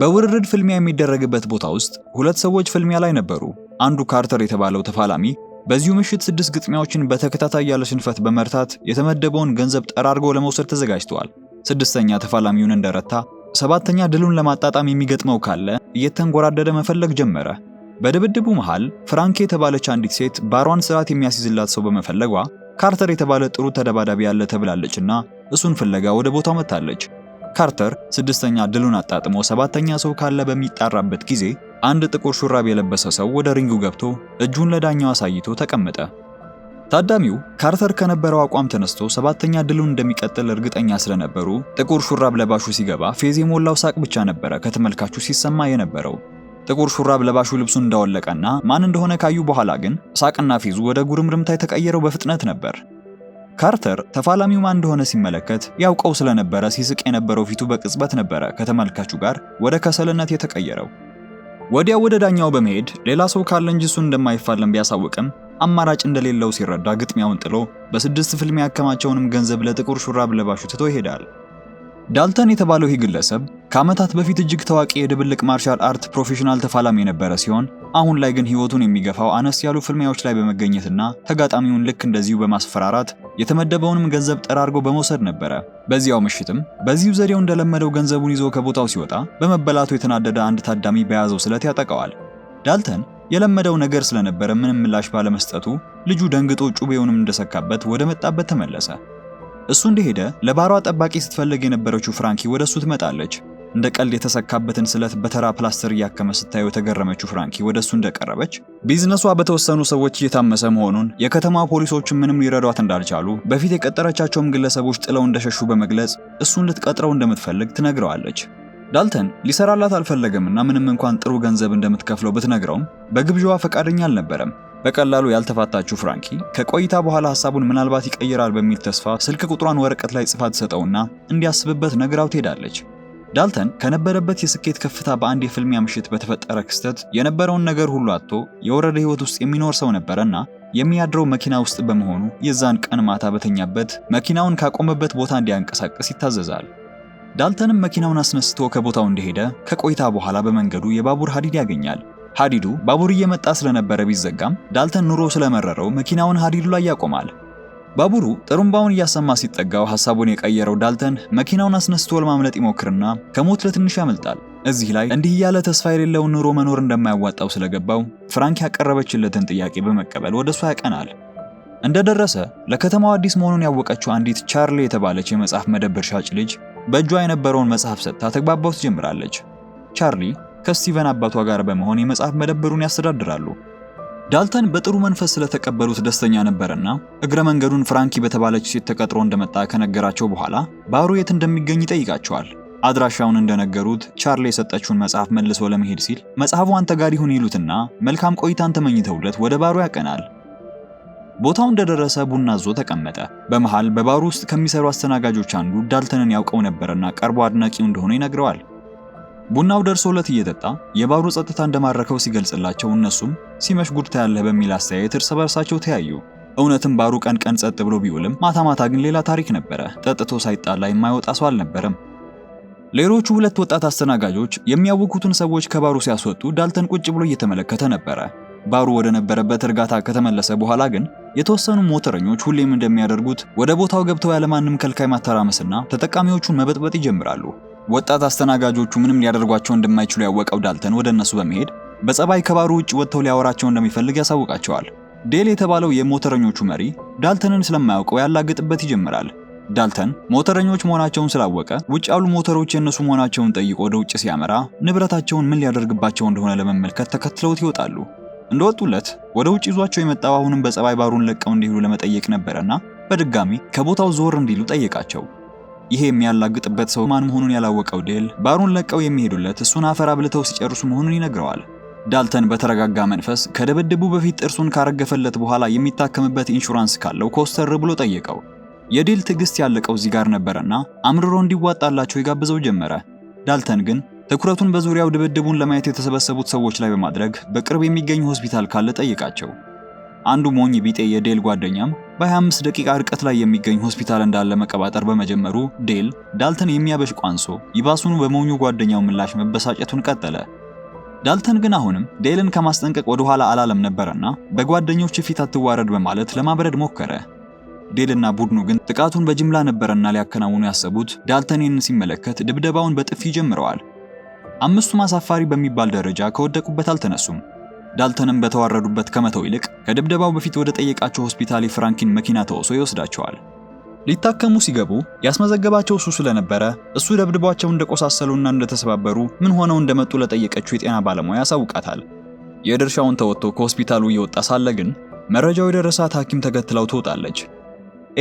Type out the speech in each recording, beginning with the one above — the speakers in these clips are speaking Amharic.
በውርርድ ፍልሚያ የሚደረግበት ቦታ ውስጥ ሁለት ሰዎች ፍልሚያ ላይ ነበሩ። አንዱ ካርተር የተባለው ተፋላሚ በዚሁ ምሽት ስድስት ግጥሚያዎችን በተከታታይ ያለ ሽንፈት በመርታት የተመደበውን ገንዘብ ጠራርጎ ለመውሰድ ተዘጋጅተዋል። ስድስተኛ ተፋላሚውን እንደረታ፣ ሰባተኛ ድሉን ለማጣጣም የሚገጥመው ካለ እየተንጎራደደ መፈለግ ጀመረ። በድብድቡ መሃል ፍራንኬ የተባለች አንዲት ሴት ባሯን ስርዓት የሚያስይዝላት ሰው በመፈለጓ ካርተር የተባለ ጥሩ ተደባዳቢ ያለ ተብላለችና እሱን ፍለጋ ወደ ቦታው መጥታለች። ካርተር ስድስተኛ ድሉን አጣጥሞ ሰባተኛ ሰው ካለ በሚጣራበት ጊዜ አንድ ጥቁር ሹራብ የለበሰ ሰው ወደ ሪንጉ ገብቶ እጁን ለዳኛው አሳይቶ ተቀመጠ። ታዳሚው ካርተር ከነበረው አቋም ተነስቶ ሰባተኛ ድሉን እንደሚቀጥል እርግጠኛ ስለነበሩ ጥቁር ሹራብ ለባሹ ሲገባ ፌዝ የሞላው ሳቅ ብቻ ነበረ ከተመልካቹ ሲሰማ የነበረው። ጥቁር ሹራብ ለባሹ ልብሱን እንዳወለቀና ማን እንደሆነ ካዩ በኋላ ግን ሳቅና ፌዙ ወደ ጉርምርምታ የተቀየረው በፍጥነት ነበር። ካርተር ተፋላሚው ማን እንደሆነ ሲመለከት ያውቀው ስለነበረ ሲስቅ የነበረው ፊቱ በቅጽበት ነበረ ከተመልካቹ ጋር ወደ ከሰልነት የተቀየረው። ወዲያ ወደ ዳኛው በመሄድ ሌላ ሰው ካለ እንጂ እሱን እንደማይፋለም ቢያሳውቅም አማራጭ እንደሌለው ሲረዳ ግጥሚያውን ጥሎ በስድስት ፍልም ያከማቸውንም ገንዘብ ለጥቁር ሹራብ ለባሹ ትቶ ይሄዳል። ዳልተን የተባለው ይህ ግለሰብ ከዓመታት በፊት እጅግ ታዋቂ የድብልቅ ማርሻል አርት ፕሮፌሽናል ተፋላሚ የነበረ ሲሆን አሁን ላይ ግን ሕይወቱን የሚገፋው አነስ ያሉ ፍልሚያዎች ላይ በመገኘትና ተጋጣሚውን ልክ እንደዚሁ በማስፈራራት የተመደበውንም ገንዘብ ጠራርጎ በመውሰድ ነበረ። በዚያው ምሽትም በዚሁ ዘዴው እንደለመደው ገንዘቡን ይዞ ከቦታው ሲወጣ በመበላቱ የተናደደ አንድ ታዳሚ በያዘው ስለት ያጠቃዋል። ዳልተን የለመደው ነገር ስለነበረ ምንም ምላሽ ባለመስጠቱ ልጁ ደንግጦ ጩቤውንም እንደሰካበት ወደ መጣበት ተመለሰ። እሱ እንደሄደ ለባሯ ጠባቂ ስትፈልግ የነበረችው ፍራንኪ ወደ እሱ ትመጣለች። እንደ ቀልድ የተሰካበትን ስለት በተራ ፕላስተር እያከመ ስታየው የተገረመችው ፍራንኪ ወደ እሱ እንደቀረበች ቢዝነሷ በተወሰኑ ሰዎች እየታመሰ መሆኑን የከተማ ፖሊሶች ምንም ሊረዷት እንዳልቻሉ በፊት የቀጠረቻቸውም ግለሰቦች ጥለው እንደሸሹ በመግለጽ እሱን ልትቀጥረው እንደምትፈልግ ትነግረዋለች። ዳልተን ሊሰራላት አልፈለገምና ምንም እንኳን ጥሩ ገንዘብ እንደምትከፍለው ብትነግረውም በግብዣዋ ፈቃደኛ አልነበረም። በቀላሉ ያልተፋታችሁ ፍራንኪ ከቆይታ በኋላ ሀሳቡን ምናልባት ይቀይራል በሚል ተስፋ ስልክ ቁጥሯን ወረቀት ላይ ጽፋ ትሰጠውና እንዲያስብበት ነግራው ትሄዳለች። ዳልተን ከነበረበት የስኬት ከፍታ በአንድ የፍልሚያ ምሽት በተፈጠረ ክስተት የነበረውን ነገር ሁሉ አጥቶ የወረደ ህይወት ውስጥ የሚኖር ሰው ነበረና የሚያድረው መኪና ውስጥ በመሆኑ የዛን ቀን ማታ በተኛበት መኪናውን ካቆመበት ቦታ እንዲያንቀሳቅስ ይታዘዛል። ዳልተንም መኪናውን አስነስቶ ከቦታው እንደሄደ ከቆይታ በኋላ በመንገዱ የባቡር ሀዲድ ያገኛል። ሀዲዱ ባቡር እየመጣ ስለነበረ ቢዘጋም ዳልተን ኑሮ ስለመረረው መኪናውን ሀዲዱ ላይ ያቆማል። ባቡሩ ጥሩምባውን እያሰማ ሲጠጋው ሐሳቡን የቀየረው ዳልተን መኪናውን አስነስቶ ለማምለጥ ይሞክርና ከሞት ለትንሽ ያመልጣል። እዚህ ላይ እንዲህ እያለ ተስፋ የሌለውን ኑሮ መኖር እንደማያዋጣው ስለገባው ፍራንክ ያቀረበችለትን ጥያቄ በመቀበል ወደ እሷ ያቀናል። እንደደረሰ ለከተማው አዲስ መሆኑን ያወቀችው አንዲት ቻርሊ የተባለች የመጽሐፍ መደብር ሻጭ ልጅ በእጇ የነበረውን መጽሐፍ ሰጥታ ተግባባው ትጀምራለች። ቻርሊ ከስቲቨን አባቷ ጋር በመሆን የመጽሐፍ መደብሩን ያስተዳድራሉ። ዳልተን በጥሩ መንፈስ ስለተቀበሉት ደስተኛ ነበርና እግረ መንገዱን ፍራንኪ በተባለች ሴት ተቀጥሮ እንደመጣ ከነገራቸው በኋላ ባሩ የት እንደሚገኝ ይጠይቃቸዋል። አድራሻውን እንደነገሩት ቻርሊ የሰጠችውን መጽሐፍ መልሶ ለመሄድ ሲል መጽሐፉ አንተ ጋር ይሁን ይሉትና መልካም ቆይታን ተመኝተውለት ወደ ባሩ ያቀናል። ቦታው እንደደረሰ ቡና ዞ ተቀመጠ። በመሃል በባሩ ውስጥ ከሚሰሩ አስተናጋጆች አንዱ ዳልተንን ያውቀው ነበርና ቀርቦ አድናቂው እንደሆነ ይነግረዋል። ቡናው ደርሶለት እየጠጣ የባሩ ጸጥታ እንደማረከው ሲገልጽላቸው እነሱም ሲመሽ ጉድ ታያለህ በሚል አስተያየት እርስ በርሳቸው ተያዩ። እውነትም ባሩ ቀን ቀን ጸጥ ብሎ ቢውልም ማታ ማታ ግን ሌላ ታሪክ ነበረ። ጠጥቶ ሳይጣላ የማይወጣ ሰው አልነበረም። ሌሎቹ ሁለት ወጣት አስተናጋጆች የሚያውቁትን ሰዎች ከባሩ ሲያስወጡ ዳልተን ቁጭ ብሎ እየተመለከተ ነበረ። ባሩ ወደ ነበረበት እርጋታ ከተመለሰ በኋላ ግን የተወሰኑ ሞተረኞች ሁሌም እንደሚያደርጉት ወደ ቦታው ገብተው ያለማንም ከልካይ ማተራመስና ተጠቃሚዎቹን መበጥበጥ ይጀምራሉ። ወጣት አስተናጋጆቹ ምንም ሊያደርጓቸው እንደማይችሉ ያወቀው ዳልተን ወደ እነሱ በመሄድ በጸባይ ከባሩ ውጭ ወጥተው ሊያወራቸው እንደሚፈልግ ያሳውቃቸዋል። ዴል የተባለው የሞተረኞቹ መሪ ዳልተንን ስለማያውቀው ያላግጥበት ይጀምራል። ዳልተን ሞተረኞች መሆናቸውን ስላወቀ ውጭ ያሉ ሞተሮች የእነሱ መሆናቸውን ጠይቆ ወደ ውጭ ሲያመራ ንብረታቸውን ምን ሊያደርግባቸው እንደሆነ ለመመልከት ተከትለውት ይወጣሉ። እንደወጡለት ወደ ውጭ ይዟቸው የመጣው አሁንም በጸባይ ባሩን ለቀው እንዲሄዱ ለመጠየቅ ነበረና በድጋሚ ከቦታው ዞር እንዲሉ ጠየቃቸው። ይሄ የሚያላግጥበት ሰው ማን መሆኑን ያላወቀው ዴል ባሩን ለቀው የሚሄዱለት እሱን አፈር አብልተው ሲጨርሱ መሆኑን ይነግረዋል። ዳልተን በተረጋጋ መንፈስ ከድብድቡ በፊት ጥርሱን ካረገፈለት በኋላ የሚታከምበት ኢንሹራንስ ካለው ኮስተር ብሎ ጠየቀው። የዴል ትዕግስት ያለቀው እዚህ ጋር ነበረና አምርሮ እንዲዋጣላቸው ይጋብዘው ጀመረ። ዳልተን ግን ትኩረቱን በዙሪያው ድብድቡን ለማየት የተሰበሰቡት ሰዎች ላይ በማድረግ በቅርብ የሚገኝ ሆስፒታል ካለ ጠየቃቸው። አንዱ ሞኝ ቢጤ የዴል ጓደኛም በ25 ደቂቃ ርቀት ላይ የሚገኝ ሆስፒታል እንዳለ መቀባጠር በመጀመሩ ዴል ዳልተን የሚያበሽ ቋንሶ ይባሱን በሞኙ ጓደኛው ምላሽ መበሳጨቱን ቀጠለ። ዳልተን ግን አሁንም ዴልን ከማስጠንቀቅ ወደ ኋላ አላለም ነበረና በጓደኞች ፊት አትዋረድ በማለት ለማብረድ ሞከረ። ዴልና ቡድኑ ግን ጥቃቱን በጅምላ ነበረና ሊያከናውኑ ያሰቡት። ዳልተን ይህን ሲመለከት ድብደባውን በጥፊ ጀምረዋል። አምስቱም አሳፋሪ በሚባል ደረጃ ከወደቁበት አልተነሱም። ዳልተንም በተዋረዱበት ከመተው ይልቅ ከድብደባው በፊት ወደ ጠየቃቸው ሆስፒታል የፍራንኪን መኪና ተወሶ ይወስዳቸዋል። ሊታከሙ ሲገቡ ያስመዘገባቸው እሱ ስለነበረ እሱ ደብድቧቸው እንደቆሳሰሉና እንደተሰባበሩ ምን ሆነው እንደመጡ ለጠየቀችው የጤና ባለሙያ ያሳውቃታል። የድርሻውን ተወጥቶ ከሆስፒታሉ እየወጣ ሳለ ግን መረጃው የደረሳት ሐኪም ተከትለው ትወጣለች።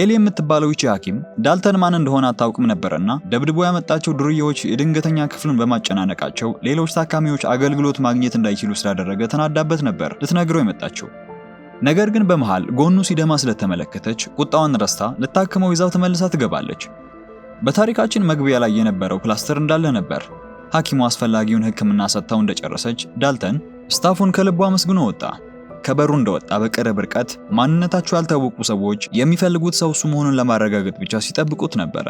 ኤሊ የምትባለው ይቺ ሐኪም ዳልተን ማን እንደሆነ አታውቅም ነበርና ደብድቦ ያመጣቸው ዱርዬዎች የድንገተኛ ክፍልን በማጨናነቃቸው ሌሎች ታካሚዎች አገልግሎት ማግኘት እንዳይችሉ ስላደረገ ተናዳበት ነበር ልትነግረው የመጣቸው። ነገር ግን በመሃል ጎኑ ሲደማ ስለተመለከተች ቁጣዋን ረስታ ልታክመው ይዛው ተመልሳ ትገባለች። በታሪካችን መግቢያ ላይ የነበረው ፕላስተር እንዳለ ነበር። ሐኪሙ አስፈላጊውን ሕክምና ሰጥታው እንደጨረሰች ዳልተን ስታፉን ከልቧ አመስግኖ ወጣ። ከበሩ እንደወጣ በቅርብ ርቀት ማንነታቸው ያልታወቁ ሰዎች የሚፈልጉት ሰው እሱ መሆኑን ለማረጋገጥ ብቻ ሲጠብቁት ነበረ።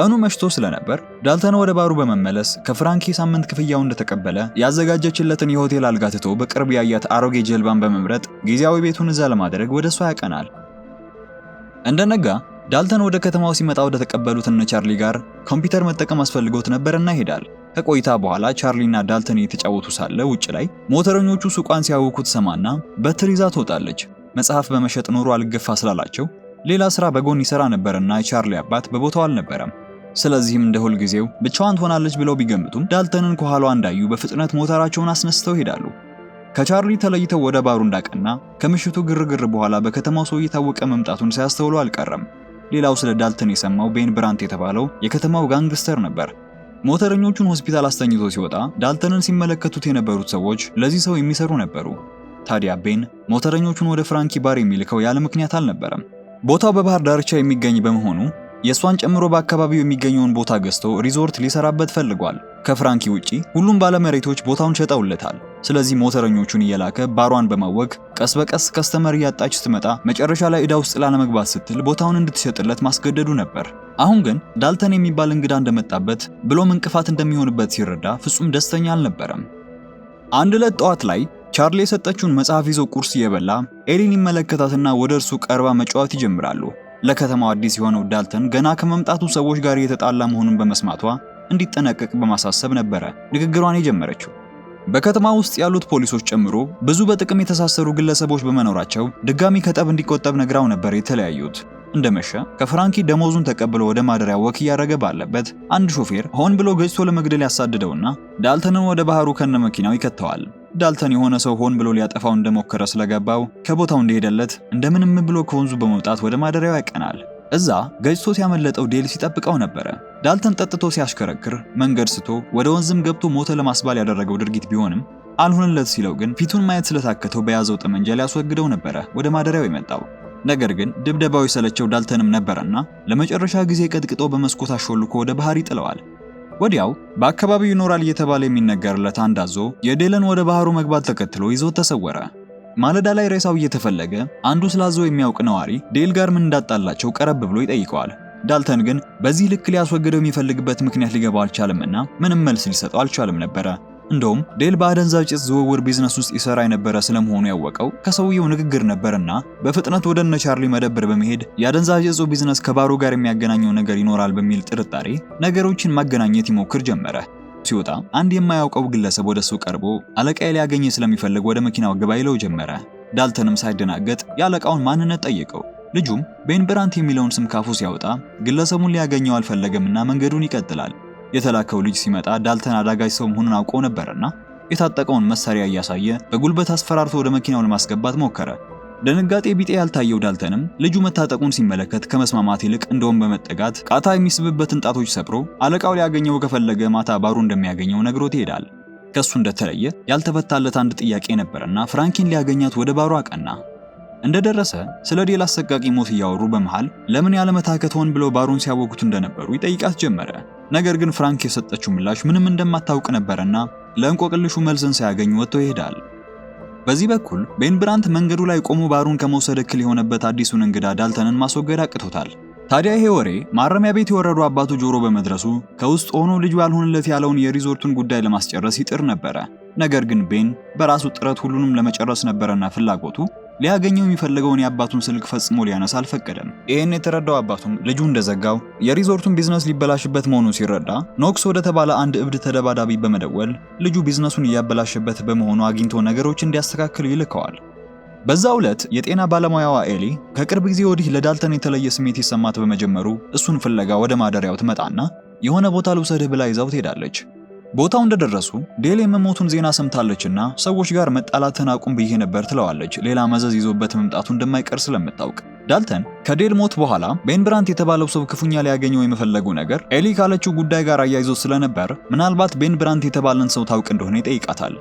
ቀኑ መሽቶ ስለነበር ዳልተን ወደ ባሩ በመመለስ ከፍራንኪ ሳምንት ክፍያው እንደተቀበለ ያዘጋጀችለትን የሆቴል አልጋ ትቶ በቅርብ ያያት አሮጌ ጀልባን በመምረጥ ጊዜያዊ ቤቱን እዛ ለማድረግ ወደ እሷ ያቀናል። እንደነጋ ዳልተን ወደ ከተማው ሲመጣ ወደ ተቀበሉት እነ ቻርሊ ጋር ኮምፒውተር መጠቀም አስፈልጎት ነበርና ይሄዳል። ከቆይታ በኋላ ቻርሊና ዳልተን እየተጫወቱ ሳለ ውጭ ላይ ሞተረኞቹ ሱቋን ሲያውኩ ሰማና በትር ይዛ ትወጣለች። መጽሐፍ በመሸጥ ኑሮ አልገፋ ስላላቸው ሌላ ስራ በጎን ይሰራ ነበርና የቻርሊ አባት በቦታው አልነበረም። ስለዚህም እንደ ሁልጊዜው ብቻዋን ትሆናለች ብለው ቢገምቱም ዳልተንን ከኋሏ እንዳዩ በፍጥነት ሞተራቸውን አስነስተው ሄዳሉ። ከቻርሊ ተለይተው ወደ ባሩ እንዳቀና ከምሽቱ ግርግር በኋላ በከተማው ሰው እየታወቀ መምጣቱን ሳያስተውሉ አልቀረም። ሌላው ስለ ዳልተን የሰማው ቤን ብራንት የተባለው የከተማው ጋንግስተር ነበር። ሞተረኞቹን ሆስፒታል አስተኝቶ ሲወጣ ዳልተንን ሲመለከቱት የነበሩት ሰዎች ለዚህ ሰው የሚሰሩ ነበሩ። ታዲያ ቤን ሞተረኞቹን ወደ ፍራንኪ ባር የሚልከው ያለ ምክንያት አልነበረም። ቦታው በባህር ዳርቻ የሚገኝ በመሆኑ የእሷን ጨምሮ በአካባቢው የሚገኘውን ቦታ ገዝቶ ሪዞርት ሊሰራበት ፈልጓል። ከፍራንኪ ውጪ ሁሉም ባለመሬቶች ቦታውን ሸጠውለታል። ስለዚህ ሞተረኞቹን እየላከ ባሯን በማወቅ ቀስ በቀስ ከስተመር እያጣች ስትመጣ መጨረሻ ላይ ዕዳ ውስጥ ላለመግባት ስትል ቦታውን እንድትሸጥለት ማስገደዱ ነበር። አሁን ግን ዳልተን የሚባል እንግዳ እንደመጣበት ብሎም እንቅፋት እንደሚሆንበት ሲረዳ ፍጹም ደስተኛ አልነበረም። አንድ ዕለት ጠዋት ላይ ቻርሊ የሰጠችውን መጽሐፍ ይዞ ቁርስ እየበላ ኤሊን ይመለከታትና ወደ እርሱ ቀርባ መጫወት ይጀምራሉ። ለከተማው አዲስ የሆነው ዳልተን ገና ከመምጣቱ ሰዎች ጋር እየተጣላ መሆኑን በመስማቷ እንዲጠነቀቅ በማሳሰብ ነበረ ንግግሯን የጀመረችው። በከተማ ውስጥ ያሉት ፖሊሶች ጨምሮ ብዙ በጥቅም የተሳሰሩ ግለሰቦች በመኖራቸው ድጋሚ ከጠብ እንዲቆጠብ ነግራው ነበር የተለያዩት። እንደመሸ ከፍራንኪ ደሞዙን ተቀብሎ ወደ ማደሪያ ወክ እያደረገ ባለበት አንድ ሾፌር ሆን ብሎ ገጭቶ ለመግደል ያሳድደውና ዳልተንን ወደ ባህሩ ከነ መኪናው ይከተዋል። ዳልተን የሆነ ሰው ሆን ብሎ ሊያጠፋው እንደሞከረ ስለገባው ከቦታው እንደሄደለት እንደምንም ብሎ ከወንዙ በመውጣት ወደ ማደሪያው ያቀናል። እዛ ገጭቶ ያመለጠው ዴል ሲጠብቀው ነበረ። ዳልተን ጠጥቶ ሲያሽከረክር መንገድ ስቶ ወደ ወንዝም ገብቶ ሞተ ለማስባል ያደረገው ድርጊት ቢሆንም አልሆነለት ሲለው ግን ፊቱን ማየት ስለታከተው በያዘው ጠመንጃ ሊያስወግደው ነበረ ወደ ማደሪያው የመጣው። ነገር ግን ድብደባው የሰለቸው ዳልተንም ነበረና ለመጨረሻ ጊዜ ቀጥቅጦ በመስኮት አሾልኮ ወደ ባህር ይጥለዋል። ወዲያው በአካባቢው ይኖራል እየተባለ የሚነገርለት አንድ አዞ የዴለን ወደ ባህሩ መግባት ተከትሎ ይዞ ተሰወረ። ማለዳ ላይ ሬሳው እየተፈለገ አንዱ ስለ አዞ የሚያውቅ ነዋሪ ዴል ጋር ምን እንዳጣላቸው ቀረብ ብሎ ይጠይቀዋል። ዳልተን ግን በዚህ ልክ ሊያስወግደው የሚፈልግበት ምክንያት ሊገባው አልቻለምና ምንም መልስ ሊሰጠው አልቻለም ነበረ። እንደውም ዴል በአደንዛዥ ጭስ ዝውውር ቢዝነስ ውስጥ ይሰራ የነበረ ስለመሆኑ ያወቀው ከሰውየው ንግግር ነበርና በፍጥነት ወደ እነ ቻርሊ መደብር በመሄድ የአደንዛዥ እጹ ቢዝነስ ከባሩ ጋር የሚያገናኘው ነገር ይኖራል በሚል ጥርጣሬ ነገሮችን ማገናኘት ይሞክር ጀመረ። ሲወጣ አንድ የማያውቀው ግለሰብ ወደ እሱ ቀርቦ አለቃዬ ሊያገኘ ስለሚፈልግ ወደ መኪናው ግባ ይለው ጀመረ። ዳልተንም ሳይደናገጥ የአለቃውን ማንነት ጠየቀው። ልጁም ቤን ብራንት የሚለውን ስም ካፉ ሲያወጣ ግለሰቡን ሊያገኘው አልፈለገምና መንገዱን ይቀጥላል። የተላከው ልጅ ሲመጣ ዳልተን አዳጋጅ ሰው መሆኑን አውቆ ነበርና የታጠቀውን መሳሪያ እያሳየ በጉልበት አስፈራርቶ ወደ መኪናው ለማስገባት ሞከረ። ደንጋጤ ቢጤ ያልታየው ዳልተንም ልጁ መታጠቁን ሲመለከት ከመስማማት ይልቅ እንደውም በመጠጋት ቃታ የሚስብበትን ጣቶች ሰብሮ አለቃው ሊያገኘው ከፈለገ ማታ ባሩ እንደሚያገኘው ነግሮት ይሄዳል። ከሱ እንደተለየ ያልተፈታለት አንድ ጥያቄ ነበርና ፍራንኪን ሊያገኛት ወደ ባሩ አቀና። እንደደረሰ ስለ ዴል አሰቃቂ ሞት እያወሩ በመሃል ለምን ያለመታከት ሆን ብለው ባሩን ሲያወጉት እንደነበሩ ይጠይቃት ጀመረ። ነገር ግን ፍራንክ የሰጠችው ምላሽ ምንም እንደማታውቅ ነበረና ለእንቆቅልሹ መልስን ሳያገኝ ወጥቶ ይሄዳል። በዚህ በኩል ቤን ብራንት መንገዱ ላይ ቆሞ ባሩን ከመውሰድ እክል የሆነበት አዲሱን እንግዳ ዳልተንን ማስወገድ አቅቶታል። ታዲያ ይሄ ወሬ ማረሚያ ቤት የወረዱ አባቱ ጆሮ በመድረሱ ከውስጥ ሆኖ ልጁ ያልሆንለት ያለውን የሪዞርቱን ጉዳይ ለማስጨረስ ይጥር ነበረ። ነገር ግን ቤን በራሱ ጥረት ሁሉንም ለመጨረስ ነበረና ፍላጎቱ ሊያገኘው የሚፈልገውን የአባቱን ስልክ ፈጽሞ ሊያነሳ አልፈቀደም። ይህን የተረዳው አባቱም ልጁ እንደዘጋው የሪዞርቱን ቢዝነስ ሊበላሽበት መሆኑን ሲረዳ ኖክስ ወደ ተባለ አንድ እብድ ተደባዳቢ በመደወል ልጁ ቢዝነሱን እያበላሸበት በመሆኑ አግኝቶ ነገሮች እንዲያስተካክል ይልከዋል። በዛ ዕለት የጤና ባለሙያዋ ኤሊ ከቅርብ ጊዜ ወዲህ ለዳልተን የተለየ ስሜት ይሰማት በመጀመሩ እሱን ፍለጋ ወደ ማደሪያው ትመጣና የሆነ ቦታ ልውሰድህ ብላ ይዛው ትሄዳለች። ቦታው እንደደረሱ ዴል የመሞቱን ዜና ሰምታለችና ሰዎች ጋር መጣላትን አቁም ብዬ ነበር ትለዋለች። ሌላ መዘዝ ይዞበት መምጣቱ እንደማይቀር ስለምታውቅ ዳልተን ከዴል ሞት በኋላ ቤን ብራንት የተባለው ሰው ክፉኛ ሊያገኘው የመፈለጉ ነገር ኤሊ ካለችው ጉዳይ ጋር አያይዞ ስለነበር ምናልባት ቤን ብራንት የተባለን ሰው ታውቅ እንደሆነ ይጠይቃታል።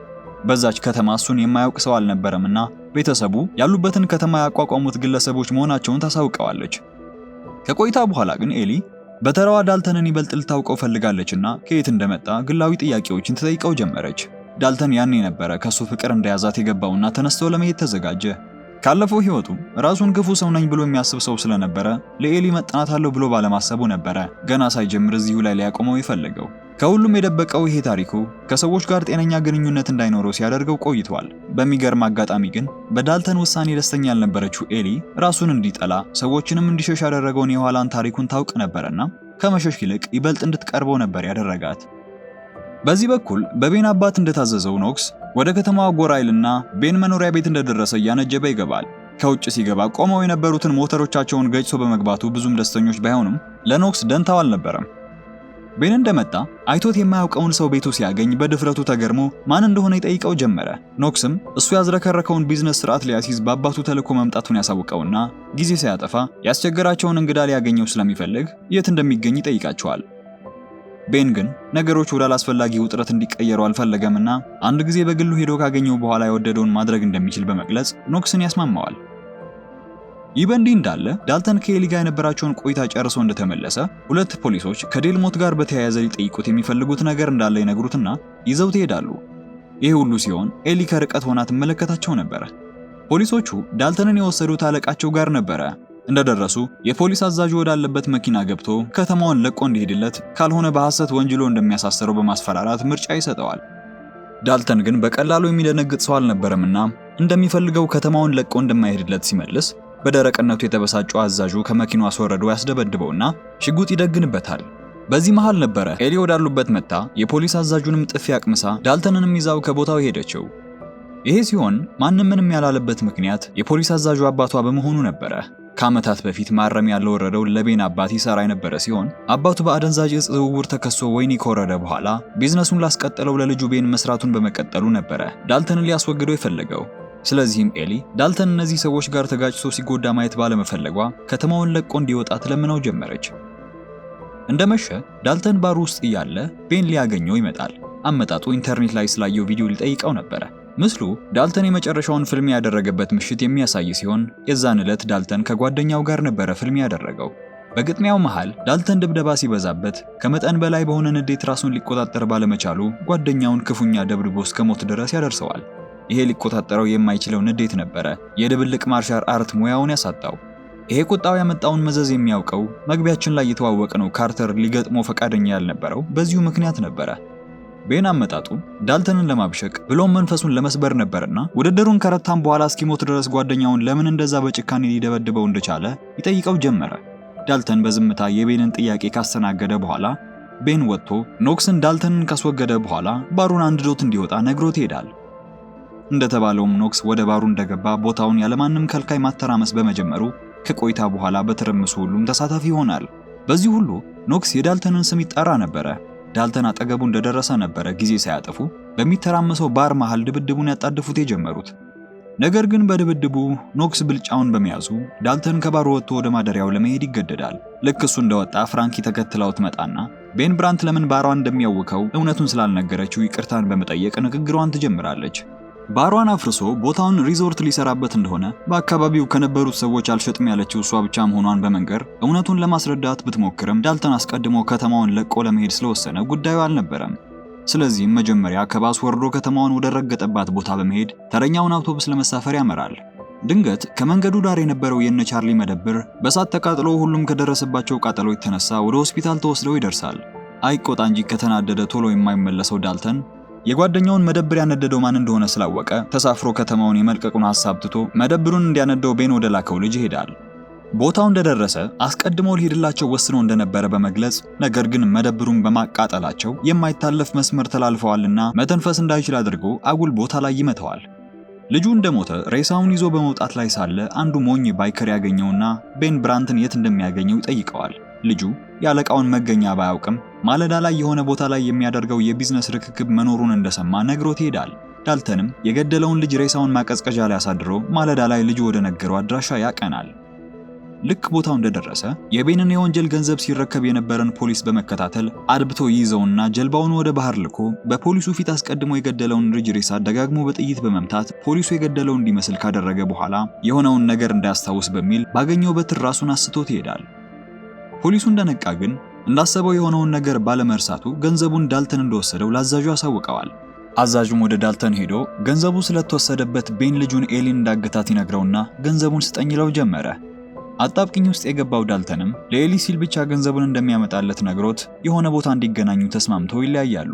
በዛች ከተማ እሱን የማያውቅ ሰው አልነበረምና ቤተሰቡ ያሉበትን ከተማ ያቋቋሙት ግለሰቦች መሆናቸውን ታሳውቀዋለች። ከቆይታ በኋላ ግን ኤሊ በተራዋ ዳልተንን ይበልጥ ልታውቀው ፈልጋለችና ከየት እንደመጣ ግላዊ ጥያቄዎችን ትጠይቀው ጀመረች። ዳልተን ያኔ ነበረ ከሱ ፍቅር እንደያዛት የገባውና ተነስተው ለመሄድ ተዘጋጀ። ካለፈው ህይወቱ ራሱን ክፉ ሰው ነኝ ብሎ የሚያስብ ሰው ስለነበረ ለኤሊ መጠናት አለው ብሎ ባለማሰቡ ነበረ ገና ሳይጀምር እዚሁ ላይ ሊያቆመው የፈለገው። ከሁሉም የደበቀው ይሄ ታሪኩ ከሰዎች ጋር ጤነኛ ግንኙነት እንዳይኖረው ሲያደርገው ቆይቷል። በሚገርም አጋጣሚ ግን በዳልተን ውሳኔ ደስተኛ ያልነበረችው ኤሊ ራሱን እንዲጠላ ሰዎችንም እንዲሸሽ ያደረገውን የኋላን ታሪኩን ታውቅ ነበረና ከመሸሽ ይልቅ ይበልጥ እንድትቀርበው ነበር ያደረጋት። በዚህ በኩል በቤን አባት እንደታዘዘው ኖክስ ወደ ከተማዋ ጎራ ይልና ቤን መኖሪያ ቤት እንደደረሰ እያነጀበ ይገባል። ከውጭ ሲገባ ቆመው የነበሩትን ሞተሮቻቸውን ገጭቶ በመግባቱ ብዙም ደስተኞች ባይሆኑም ለኖክስ ደንታው አልነበረም። ቤን እንደመጣ አይቶት የማያውቀውን ሰው ቤቱ ሲያገኝ በድፍረቱ ተገርሞ ማን እንደሆነ ይጠይቀው ጀመረ። ኖክስም እሱ ያዝረከረከውን ቢዝነስ ስርዓት ሊያሲዝ በአባቱ ተልዕኮ መምጣቱን ያሳውቀውና ጊዜ ሳያጠፋ ያስቸገራቸውን እንግዳ ሊያገኘው ስለሚፈልግ የት እንደሚገኝ ይጠይቃቸዋል። ቤን ግን ነገሮች ወደ አላስፈላጊ ውጥረት እንዲቀየሩ አልፈለገምና አንድ ጊዜ በግሉ ሄዶ ካገኘው በኋላ የወደደውን ማድረግ እንደሚችል በመግለጽ ኖክስን ያስማማዋል። ይህ በእንዲህ እንዳለ ዳልተን ከኤሊ ጋር የነበራቸውን ቆይታ ጨርሶ እንደተመለሰ ሁለት ፖሊሶች ከዴልሞት ጋር በተያያዘ ሊጠይቁት የሚፈልጉት ነገር እንዳለ ይነግሩትና ይዘው ትሄዳሉ። ይህ ሁሉ ሲሆን ኤሊ ከርቀት ሆና ትመለከታቸው ነበረ። ፖሊሶቹ ዳልተንን የወሰዱት አለቃቸው ጋር ነበረ። እንደደረሱ የፖሊስ አዛዡ ወዳለበት መኪና ገብቶ ከተማውን ለቆ እንዲሄድለት ካልሆነ በሐሰት ወንጅሎ እንደሚያሳስረው በማስፈራራት ምርጫ ይሰጠዋል። ዳልተን ግን በቀላሉ የሚደነግጥ ሰው አልነበረምና እንደሚፈልገው ከተማውን ለቆ እንደማይሄድለት ሲመልስ በደረቅነቱ የተበሳጨው አዛዡ ከመኪናው አስወረዶ ያስደበድበውና ሽጉጥ ይደግንበታል። በዚህ መሃል ነበረ ኤሊ ወዳሉበት መታ የፖሊስ አዛዡንም ጥፊ አቅምሳ ዳልተንንም ይዛው ከቦታው ሄደችው። ይሄ ሲሆን ማንም ምንም ያላለበት ምክንያት የፖሊስ አዛዡ አባቷ በመሆኑ ነበረ። ከዓመታት በፊት ማረሚያ ለወረደው ለቤን አባት ይሰራ የነበረ ሲሆን አባቱ በአደንዛዥ እጽ ዝውውር ተከሶ ወህኒ ከወረደ በኋላ ቢዝነሱን ላስቀጠለው ለልጁ ቤን መስራቱን በመቀጠሉ ነበረ ዳልተንን ሊያስወግደው የፈለገው። ስለዚህም ኤሊ ዳልተን እነዚህ ሰዎች ጋር ተጋጭቶ ሲጎዳ ማየት ባለመፈለጓ ከተማውን ለቆ እንዲወጣ ትለምነው ጀመረች። እንደመሸ ዳልተን ባር ውስጥ እያለ ቤን ሊያገኘው ይመጣል። አመጣጡ ኢንተርኔት ላይ ስላየው ቪዲዮ ሊጠይቀው ነበረ። ምስሉ ዳልተን የመጨረሻውን ፊልም ያደረገበት ምሽት የሚያሳይ ሲሆን የዛን ዕለት ዳልተን ከጓደኛው ጋር ነበረ ፊልም ያደረገው። በግጥሚያው መሃል ዳልተን ድብደባ ሲበዛበት ከመጠን በላይ በሆነ ንዴት ራሱን ሊቆጣጠር ባለመቻሉ ጓደኛውን ክፉኛ ደብድቦ እስከ ሞት ድረስ ያደርሰዋል። ይሄ ሊቆጣጠረው የማይችለው ንዴት ነበረ የድብልቅ ማርሻል አርት ሙያውን ያሳጣው። ይሄ ቁጣው ያመጣውን መዘዝ የሚያውቀው መግቢያችን ላይ ነው። ካርተር ሊገጥሞ ፈቃደኛ ያልነበረው በዚሁ ምክንያት ነበረ። ቤን አመጣጡ ዳልተንን ለማብሸቅ ብሎም መንፈሱን ለመስበር ነበርና ውድድሩን ከረታም በኋላ እስኪሞት ድረስ ጓደኛውን ለምን እንደዛ በጭካኔ ሊደበድበው እንደቻለ ይጠይቀው ጀመረ። ዳልተን በዝምታ የቤንን ጥያቄ ካስተናገደ በኋላ ቤን ወጥቶ ኖክስን ዳልተንን ካስወገደ በኋላ ባሩን አንድዶት እንዲወጣ ነግሮት ይሄዳል። እንደተባለውም ኖክስ ወደ ባሩ እንደገባ ቦታውን ያለማንም ከልካይ ማተራመስ በመጀመሩ ከቆይታ በኋላ በትርምሱ ሁሉም ተሳታፊ ይሆናል። በዚህ ሁሉ ኖክስ የዳልተንን ስም ይጠራ ነበረ። ዳልተን አጠገቡ እንደደረሰ ነበረ ጊዜ ሳያጠፉ በሚተራመሰው ባር መሃል ድብድቡን ያጣድፉት የጀመሩት። ነገር ግን በድብድቡ ኖክስ ብልጫውን በመያዙ ዳልተን ከባሩ ወጥቶ ወደ ማደሪያው ለመሄድ ይገደዳል። ልክ እሱ እንደወጣ ፍራንኪ ተከትላው ትመጣና ቤን ብራንት ለምን ባሯ እንደሚያውከው እውነቱን ስላልነገረችው ይቅርታን በመጠየቅ ንግግሯን ትጀምራለች። ባሯን አፍርሶ ቦታውን ሪዞርት ሊሰራበት እንደሆነ በአካባቢው ከነበሩት ሰዎች አልሸጥም ያለችው እሷ ብቻ መሆኗን በመንገር እውነቱን ለማስረዳት ብትሞክርም ዳልተን አስቀድሞ ከተማውን ለቆ ለመሄድ ስለወሰነ ጉዳዩ አልነበረም። ስለዚህም መጀመሪያ ከባስ ወርዶ ከተማውን ወደ ረገጠባት ቦታ በመሄድ ተረኛውን አውቶቡስ ለመሳፈር ያመራል። ድንገት ከመንገዱ ዳር የነበረው የነ ቻርሊ መደብር በእሳት ተቃጥሎ ሁሉም ከደረሰባቸው ቃጠሎ የተነሳ ወደ ሆስፒታል ተወስደው ይደርሳል። አይቆጣ እንጂ ከተናደደ ቶሎ የማይመለሰው ዳልተን የጓደኛውን መደብር ያነደደው ማን እንደሆነ ስላወቀ ተሳፍሮ ከተማውን የመልቀቁን ሀሳብ ትቶ መደብሩን እንዲያነደው ቤን ወደ ላከው ልጅ ይሄዳል። ቦታው እንደደረሰ አስቀድሞ ሊሄድላቸው ወስኖ እንደነበረ በመግለጽ ነገር ግን መደብሩን በማቃጠላቸው የማይታለፍ መስመር ተላልፈዋልና መተንፈስ እንዳይችል አድርጎ አጉል ቦታ ላይ ይመተዋል። ልጁ እንደሞተ ሬሳውን ይዞ በመውጣት ላይ ሳለ አንዱ ሞኝ ባይከር ያገኘውና ቤን ብራንትን የት እንደሚያገኘው ይጠይቀዋል። ልጁ የአለቃውን መገኛ ባያውቅም ማለዳ ላይ የሆነ ቦታ ላይ የሚያደርገው የቢዝነስ ርክክብ መኖሩን እንደሰማ ነግሮት ይሄዳል። ዳልተንም የገደለውን ልጅ ሬሳውን ማቀዝቀዣ ላይ አሳድሮ ማለዳ ላይ ልጁ ወደ ነገረው አድራሻ ያቀናል። ልክ ቦታው እንደደረሰ የቤንን የወንጀል ገንዘብ ሲረከብ የነበረን ፖሊስ በመከታተል አድብቶ ይይዘውና ጀልባውን ወደ ባህር ልኮ በፖሊሱ ፊት አስቀድሞ የገደለውን ልጅ ሬሳ ደጋግሞ በጥይት በመምታት ፖሊሱ የገደለው እንዲመስል ካደረገ በኋላ የሆነውን ነገር እንዳያስታውስ በሚል ባገኘው በትር ራሱን አስቶት ይሄዳል። ፖሊሱ እንደነቃ ግን እንዳሰበው የሆነውን ነገር ባለመርሳቱ ገንዘቡን ዳልተን እንደወሰደው ለአዛዡ አሳውቀዋል። አዛዡም ወደ ዳልተን ሄዶ ገንዘቡ ስለተወሰደበት ቤን ልጁን ኤሊን እንዳገታት ይነግረውና ገንዘቡን ስጠኝ ይለው ጀመረ። አጣብቅኝ ውስጥ የገባው ዳልተንም ለኤሊ ሲል ብቻ ገንዘቡን እንደሚያመጣለት ነግሮት የሆነ ቦታ እንዲገናኙ ተስማምተው ይለያያሉ።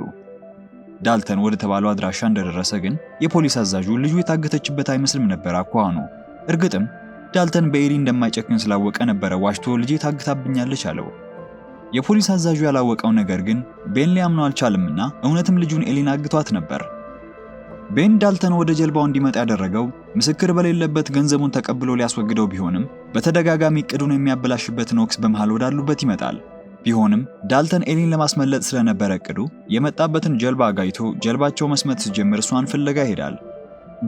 ዳልተን ወደ ተባለው አድራሻ እንደደረሰ ግን የፖሊስ አዛዡ ልጁ የታገተችበት አይመስልም ነበር አኳኋኑ። እርግጥም ዳልተን በኤሊ እንደማይጨክን ስላወቀ ነበረ ዋሽቶ ልጄ ታግታብኛለች አለው። የፖሊስ አዛዡ ያላወቀው ነገር ግን ቤን ሊያምነው አልቻልምና እውነትም ልጁን ኤሊን አግቷት ነበር። ቤን ዳልተን ወደ ጀልባው እንዲመጣ ያደረገው ምስክር በሌለበት ገንዘቡን ተቀብሎ ሊያስወግደው ቢሆንም በተደጋጋሚ እቅዱን የሚያበላሽበት ኖክስ በመሃል ወዳሉበት ይመጣል። ቢሆንም ዳልተን ኤሊን ለማስመለጥ ስለነበረ እቅዱ የመጣበትን ጀልባ አጋይቶ ጀልባቸው መስመት ሲጀምር እሷን ፍለጋ ይሄዳል።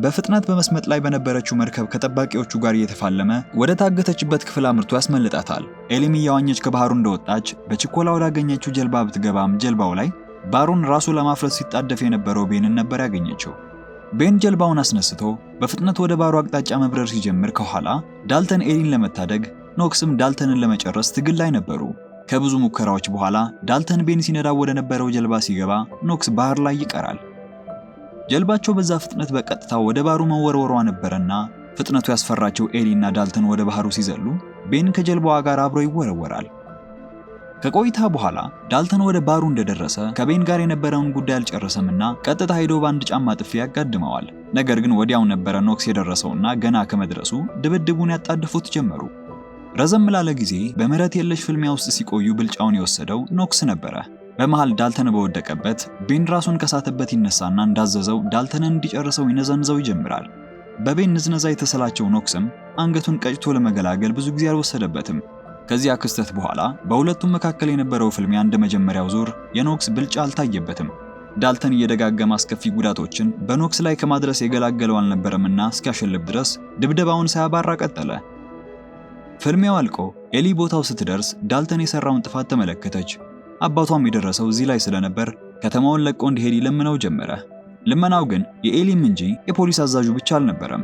በፍጥነት በመስመጥ ላይ በነበረችው መርከብ ከጠባቂዎቹ ጋር እየተፋለመ ወደ ታገተችበት ክፍል አምርቶ ያስመልጣታል። ኤሊም እያዋኘች ከባህሩ እንደወጣች በችኮላ ወዳገኘችው ጀልባ ብትገባም ጀልባው ላይ ባሩን ራሱ ለማፍረስ ሲጣደፍ የነበረው ቤንን ነበር ያገኘችው። ቤን ጀልባውን አስነስቶ በፍጥነት ወደ ባሩ አቅጣጫ መብረር ሲጀምር ከኋላ ዳልተን ኤሊን ለመታደግ ኖክስም ዳልተንን ለመጨረስ ትግል ላይ ነበሩ። ከብዙ ሙከራዎች በኋላ ዳልተን ቤን ሲነዳው ወደ ነበረው ጀልባ ሲገባ ኖክስ ባህር ላይ ይቀራል። ጀልባቸው በዛ ፍጥነት በቀጥታ ወደ ባህሩ መወርወሯ ነበረና ፍጥነቱ ያስፈራቸው ኤሊና ዳልተን ወደ ባህሩ ሲዘሉ ቤን ከጀልባዋ ጋር አብሮ ይወረወራል። ከቆይታ በኋላ ዳልተን ወደ ባህሩ እንደደረሰ ከቤን ጋር የነበረውን ጉዳይ አልጨረሰምና ቀጥታ ሄዶ በአንድ ጫማ ጥፊ ያጋድመዋል። ነገር ግን ወዲያው ነበረ ኖክስ የደረሰውና ገና ከመድረሱ ድብድቡን ያጣደፉት ጀመሩ። ረዘም ላለ ጊዜ በምህረት የለሽ ፍልሚያ ውስጥ ሲቆዩ ብልጫውን የወሰደው ኖክስ ነበረ። በመሃል ዳልተን በወደቀበት ቤን ራሱን ከሳተበት ይነሳና እንዳዘዘው ዳልተንን እንዲጨርሰው ይነዘንዘው ይጀምራል። በቤን ንዝነዛ የተሰላቸው ኖክስም አንገቱን ቀጭቶ ለመገላገል ብዙ ጊዜ አልወሰደበትም። ከዚያ ክስተት በኋላ በሁለቱም መካከል የነበረው ፍልሚያ እንደ መጀመሪያው ዙር የኖክስ ብልጫ አልታየበትም። ዳልተን እየደጋገመ አስከፊ ጉዳቶችን በኖክስ ላይ ከማድረስ የገላገለው አልነበረምና እስኪያሸልብ ድረስ ድብደባውን ሳያባራ ቀጠለ። ፍልሚያው አልቆ ኤሊ ቦታው ስትደርስ ዳልተን የሰራውን ጥፋት ተመለከተች። አባቷም የደረሰው እዚህ ላይ ስለነበር ከተማውን ለቆ እንዲሄድ ይለምነው ጀመረ። ልመናው ግን የኤሊም እንጂ የፖሊስ አዛዡ ብቻ አልነበረም።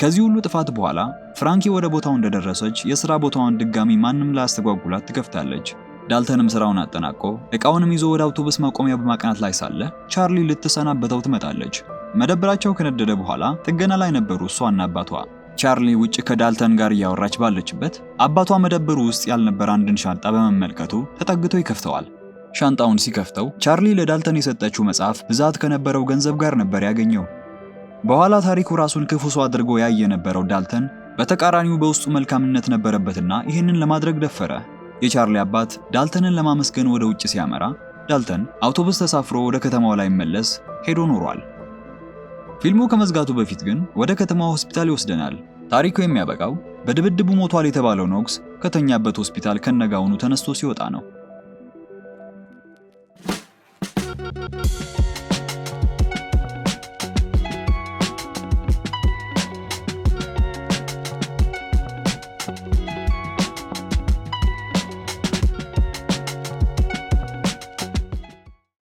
ከዚህ ሁሉ ጥፋት በኋላ ፍራንኪ ወደ ቦታው እንደደረሰች የሥራ ቦታዋን ድጋሚ ማንም ላያስተጓጉላት ትከፍታለች። ዳልተንም ስራውን አጠናቆ እቃውንም ይዞ ወደ አውቶቡስ ማቆሚያ በማቅናት ላይ ሳለ ቻርሊ ልትሰናበተው ትመጣለች። መደብራቸው ከነደደ በኋላ ጥገና ላይ ነበሩ እሷና አባቷ። ቻርሊ ውጭ ከዳልተን ጋር እያወራች ባለችበት አባቷ መደብር ውስጥ ያልነበር አንድን ሻንጣ በመመልከቱ ተጠግቶ ይከፍተዋል። ሻንጣውን ሲከፍተው ቻርሊ ለዳልተን የሰጠችው መጽሐፍ ብዛት ከነበረው ገንዘብ ጋር ነበር ያገኘው። በኋላ ታሪኩ ራሱን ክፉ ሰው አድርጎ ያየ የነበረው ዳልተን በተቃራኒው በውስጡ መልካምነት ነበረበትና ይህንን ለማድረግ ደፈረ። የቻርሊ አባት ዳልተንን ለማመስገን ወደ ውጭ ሲያመራ ዳልተን አውቶቡስ ተሳፍሮ ወደ ከተማው ላይ መለስ ሄዶ ኖሯል። ፊልሙ ከመዝጋቱ በፊት ግን ወደ ከተማ ሆስፒታል ይወስደናል። ታሪኩ የሚያበቃው በድብድቡ ሞቷል የተባለው ኖክስ ከተኛበት ሆስፒታል ከነጋውኑ ተነስቶ ሲወጣ ነው።